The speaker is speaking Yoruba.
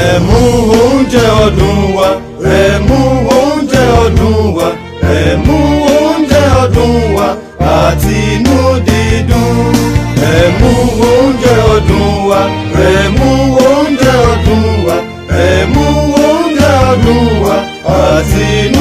rẹ̀mú oúnjẹ ọdún wa rẹ̀mú oúnjẹ ọdún wa rẹ̀mú oúnjẹ ọdún wa àtinú dídùn rẹ̀mú oúnjẹ ọdún wa rẹ̀mú oúnjẹ ọdún wa rẹ̀mú oúnjẹ ọdún wa àtinú.